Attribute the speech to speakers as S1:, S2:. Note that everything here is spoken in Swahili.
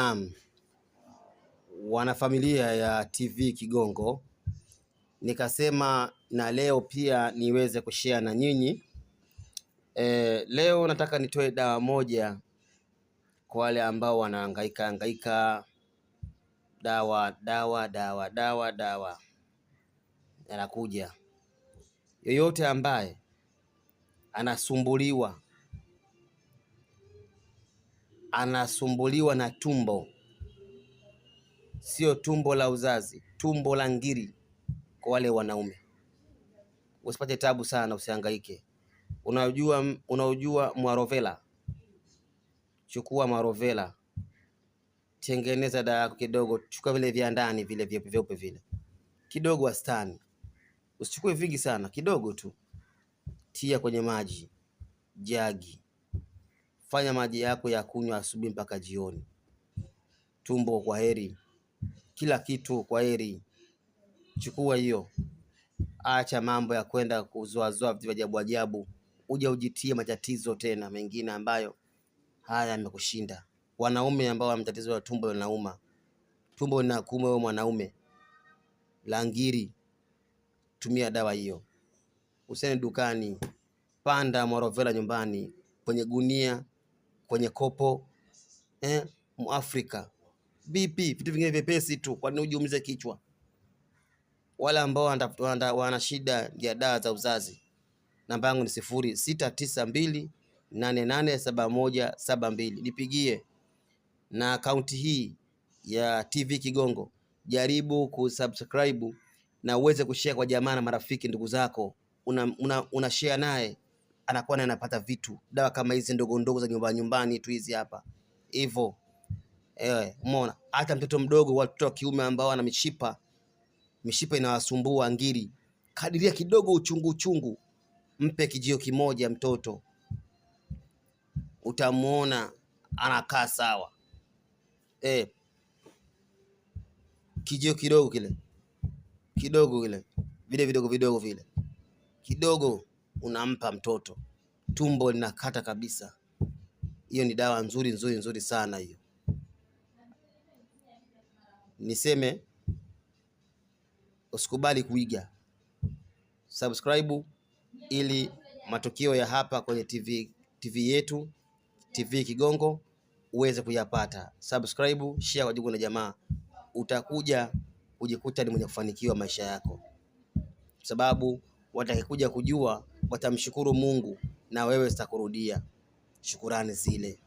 S1: Naam, wanafamilia ya TV Kigongo, nikasema na leo pia niweze kushare na nyinyi e. Leo nataka nitoe dawa moja kwa wale ambao wanahangaika hangaika, dawa dawa dawa dawa dawa yanakuja. Yoyote ambaye anasumbuliwa anasumbuliwa na tumbo, sio tumbo la uzazi, tumbo la ngiri. Kwa wale wanaume, usipate tabu sana, usihangaike. Unajua, unaojua mwarovela? Chukua mwarovela, tengeneza dawa yako kidogo. Chukua vile vya ndani vile vyeupe vile kidogo, wastani, usichukue vingi sana, kidogo tu, tia kwenye maji jagi fanya maji yako ya kunywa asubuhi mpaka jioni. Tumbo kwa heri, kila kitu kwa heri. Chukua hiyo, acha mambo ya kwenda kuzoazoa vitu vya ajabu ajabu, uja ujitie matatizo tena mengine ambayo haya yamekushinda. Wanaume ambao wana matatizo ya tumbo linauma, tumbo linakuuma wewe mwanaume, langiri, tumia dawa hiyo. Usene dukani, panda morovela nyumbani kwenye gunia kwenye kopo eh, Mwafrika vipi? Vitu vingine vyepesi tu, nini ujiumize kichwa? Wale ambao wana shida ya dawa za uzazi, namba yangu ni sifuri sita tisa mbili nane nane saba moja saba mbili. Nipigie na akaunti hii ya TV Kigongo, jaribu kusubscribe na uweze kushare kwa jamaa na marafiki, ndugu zako una, una, una share naye anakuwa anapata vitu, dawa kama hizi ndogo ndogo za nyumbani nyumbani tu hizi hapa hivyo. eh, umeona hata mtoto mdogo, watoto wa kiume ambao ana mishipa mishipa inawasumbua ngiri, kadiria kidogo uchungu uchungu, mpe kijio kimoja mtoto, utamwona anakaa sawa. eh, kijio kidogo kile kidogo kile vile vidogo vidogo vile kidogo unampa mtoto, tumbo linakata kabisa. Hiyo ni dawa nzuri nzuri nzuri sana hiyo. Niseme usikubali kuiga, subscribe ili matukio ya hapa kwenye TV, TV yetu TV Kigongo uweze kuyapata. Subscribe, share kwa ndugu na jamaa, utakuja kujikuta ni mwenye kufanikiwa maisha yako, sababu watakikuja kujua watamshukuru Mungu na wewe zitakurudia shukurani zile.